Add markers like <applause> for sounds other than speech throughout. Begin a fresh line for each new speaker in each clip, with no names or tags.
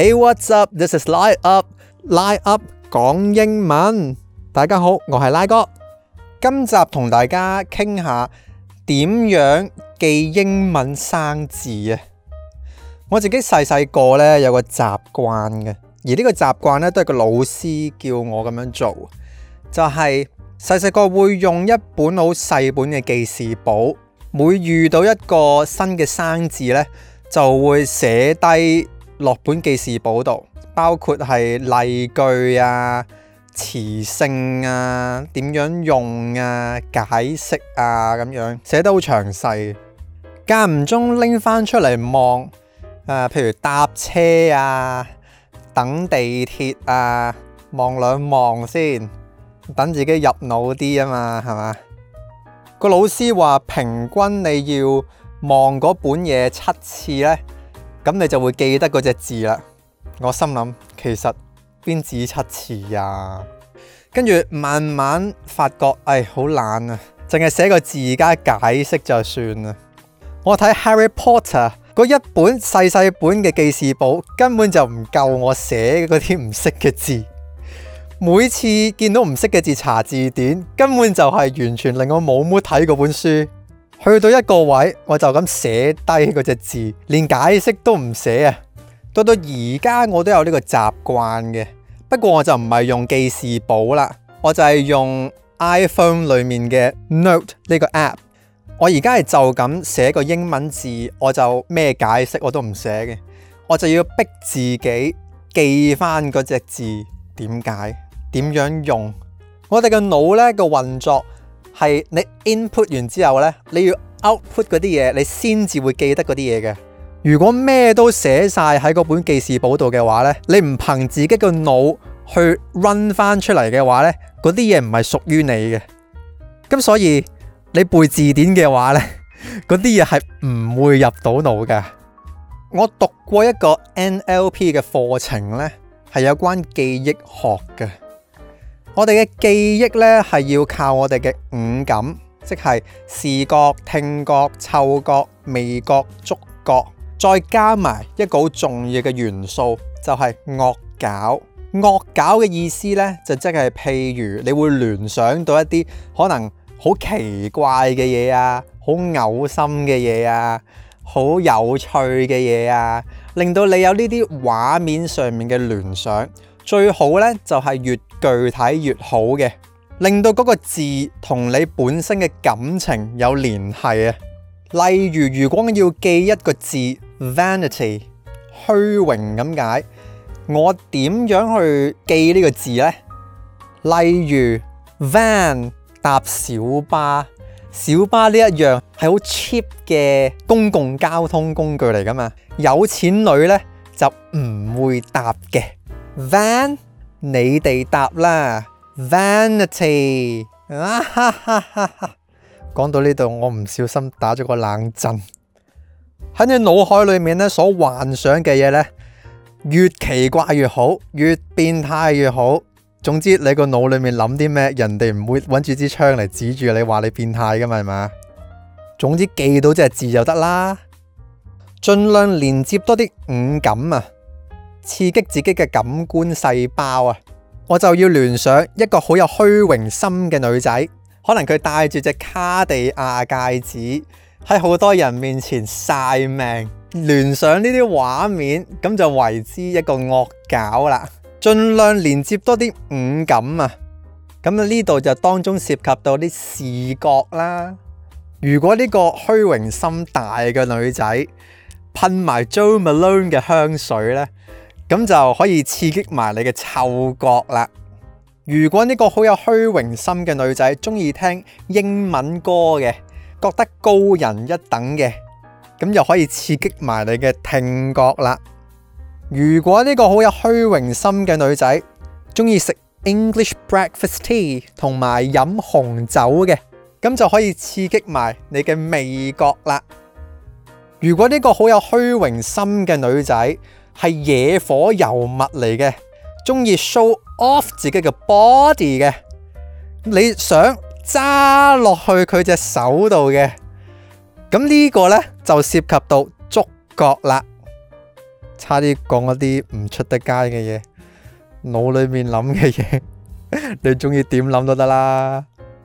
Hey, what's up? This is Lai UP. Lai UP 講英文。大家好，我係拉哥。今集同大家傾下點樣記英文生字啊！我自己細細個呢，有個習慣嘅，而呢個習慣呢都係個老師叫我咁樣做，就係細細個會用一本好細本嘅記事簿，每遇到一個新嘅生字呢，就會寫低。落本記事簿度，包括係例句啊、詞性啊、點樣用啊、解釋啊咁樣，寫得好詳細。間唔中拎翻出嚟望，誒、呃，譬如搭車啊、等地鐵啊，望兩望先，等自己入腦啲啊嘛，係嘛？個老師話平均你要望嗰本嘢七次呢。咁你就會記得嗰隻字啦。我心諗，其實邊止七次呀，啊？跟住慢慢發覺，唉、哎，好懶啊！淨係寫個字加解釋就算啦。我睇《Harry Potter》嗰一本細細本嘅記事簿根本就唔夠我寫嗰啲唔識嘅字。每次見到唔識嘅字查字典，根本就係完全令我冇乜睇嗰本書。去到一個位，我就咁寫低嗰隻字，連解釋都唔寫啊！到到而家我都有呢個習慣嘅，不過我就唔係用記事簿啦，我就係用 iPhone 裏面嘅 Note 呢個 app。我而家係就咁寫個英文字，我就咩解釋我都唔寫嘅，我就要逼自己記翻嗰隻字點解、點樣用。我哋嘅腦呢個運作。係你 input 完之後呢，你要 output 嗰啲嘢，你先至會記得嗰啲嘢嘅。如果咩都寫晒喺嗰本記事簿度嘅話呢，你唔憑自己個腦去 run 返出嚟嘅話呢，嗰啲嘢唔係屬於你嘅。咁所以你背字典嘅話呢，嗰啲嘢係唔會入到腦嘅。我讀過一個 NLP 嘅課程呢，係有關記憶學嘅。我哋嘅記憶呢，係要靠我哋嘅五感，即係視覺、聽覺、嗅覺、味覺、觸覺，再加埋一個好重要嘅元素，就係惡搞。惡搞嘅意思呢，就即係譬如你會聯想到一啲可能好奇怪嘅嘢啊，好嘔心嘅嘢啊，好有趣嘅嘢啊，令到你有呢啲畫面上面嘅聯想。最好呢，就係越具體越好嘅，令到嗰個字同你本身嘅感情有聯繫啊。例如，如果我要記一個字 vanity，虛榮咁解，我點樣去記呢個字呢？例如 van 搭小巴，小巴呢一樣係好 cheap 嘅公共交通工具嚟㗎嘛。有錢女呢就唔會搭嘅 van。你哋答啦，vanity 啊，講 <laughs> 到呢度，我唔小心打咗個冷震。喺 <laughs> 你腦海裏面咧，所幻想嘅嘢呢，越奇怪越好，越變態越好。總之你個腦裏面諗啲咩，人哋唔會揾住支槍嚟指住你話你變態噶嘛，係嘛？總之記到隻字就得啦，盡量連接多啲五感啊！刺激自己嘅感官細胞啊！我就要聯想一個好有虛榮心嘅女仔，可能佢戴住隻卡地亞戒指喺好多人面前曬命，聯想呢啲畫面，咁就為之一個惡搞啦。盡量連接多啲五感啊！咁呢度就當中涉及到啲視覺啦。如果呢個虛榮心大嘅女仔噴埋 Jo Malone 嘅香水呢。咁就可以刺激埋你嘅嗅覺啦。如果呢個好有虛榮心嘅女仔中意聽英文歌嘅，覺得高人一等嘅，咁就可以刺激埋你嘅聽覺啦。如果呢個好有虛榮心嘅女仔中意食 English Breakfast Tea 同埋飲紅酒嘅，咁就可以刺激埋你嘅味覺啦。如果呢個好有虛榮心嘅女仔，係野火油物嚟嘅，中意 show off 自己嘅 body 嘅，你想揸落去佢隻手度嘅，咁呢個呢，就涉及到觸覺啦。差啲講一啲唔出得街嘅嘢，腦裏面諗嘅嘢， <laughs> 你中意點諗都得啦。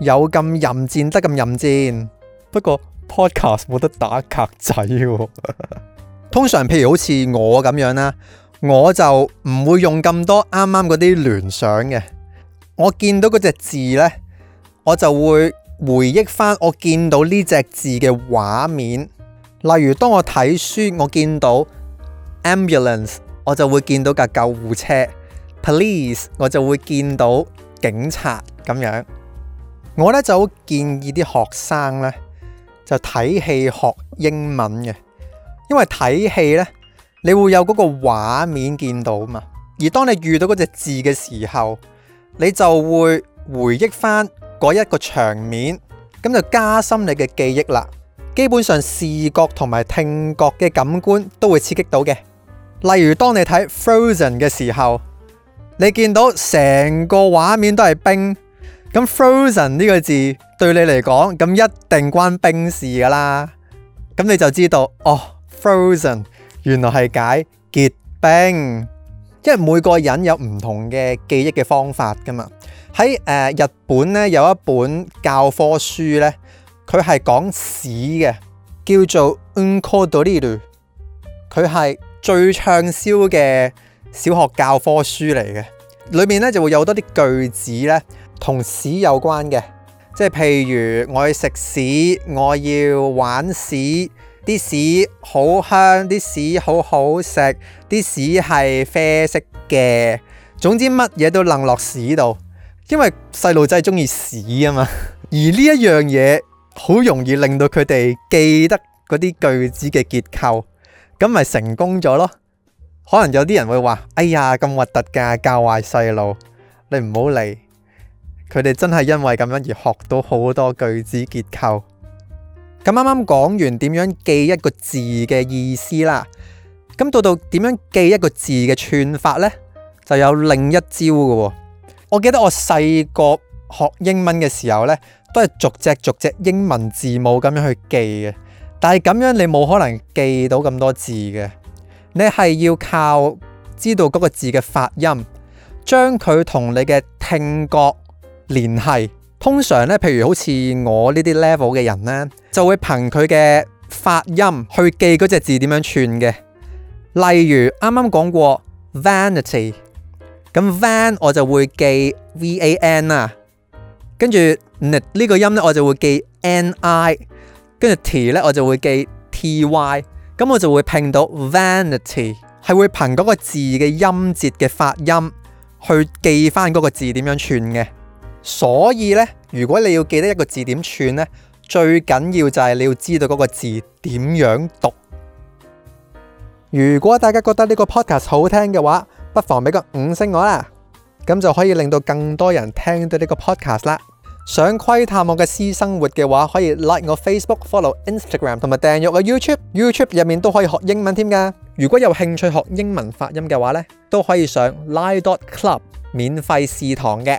有咁淫賤得咁淫賤，不過 podcast 冇得打格仔啊。 <laughs> 通常，譬如好似我咁樣啦，我就唔會用咁多啱啱嗰啲聯想嘅。我見到嗰隻字呢，我就會回憶翻我見到呢隻字嘅畫面。例如，當我睇書，我見到 ambulance，我就會見到架救護車；police，我就會見到警察咁樣。我呢就好建議啲學生呢，就睇戲學英文嘅。因為睇戲呢，你會有嗰個畫面見到嘛。而當你遇到嗰隻字嘅時候，你就會回憶翻嗰一個場面，咁就加深你嘅記憶啦。基本上視覺同埋聽覺嘅感官都會刺激到嘅。例如當你睇 Frozen 嘅時候，你見到成個畫面都係冰，咁 Frozen 呢個字對你嚟講，咁一定關冰事噶啦。咁你就知道哦。Frozen 原來係解結冰，因為每個人有唔同嘅記憶嘅方法噶嘛。喺誒、呃、日本咧有一本教科書咧，佢係講屎嘅，叫做 Unko Drill。佢係最暢銷嘅小學教科書嚟嘅，裏面咧就會有好多啲句子咧同屎有關嘅，即係譬如我要食屎，我要玩屎。啲屎好香，啲屎好好食，啲屎係啡色嘅。總之乜嘢都扔落屎度，因為細路仔中意屎啊嘛。而呢一樣嘢好容易令到佢哋記得嗰啲句子嘅結構，咁咪成功咗咯。可能有啲人會話：哎呀，咁核突㗎，教壞細路，你唔好嚟。佢哋真係因為咁樣而學到好多句子結構。咁啱啱講完點樣記一個字嘅意思啦，咁到到點樣記一個字嘅串法呢，就有另一招㗎喎、哦。我記得我細個學英文嘅時候呢，都係逐隻逐隻英文字母咁樣去記嘅，但係咁樣你冇可能記到咁多字嘅，你係要靠知道嗰個字嘅發音，將佢同你嘅聽覺聯繫。通常咧，譬如好似我呢啲 level 嘅人咧，就會憑佢嘅發音去記嗰隻字點樣串嘅。例如啱啱講過 vanity，咁 van 我就會記 v-a-n 啊，跟住呢呢個音咧我就會記 n-i，跟住 t 咧我就會記 t-y，咁我就會拼到 vanity，係會憑嗰個字嘅音節嘅發音去記返嗰個字點樣串嘅。所以咧，如果你要記得一個字點串咧，最緊要就係你要知道嗰個字點樣讀。 <music> 如果大家覺得呢個 podcast 好聽嘅話，不妨俾個五星我啦，咁就可以令到更多人聽到呢個 podcast 啦。想窺探我嘅私生活嘅話，可以 like 我 Facebook、 <music> follow Instagram 同埋訂閱我 YouTube。YouTube 入面都可以學英文添噶。如果有興趣學英文發音嘅話咧，都可以上 Lai Dot Club 免費試堂嘅。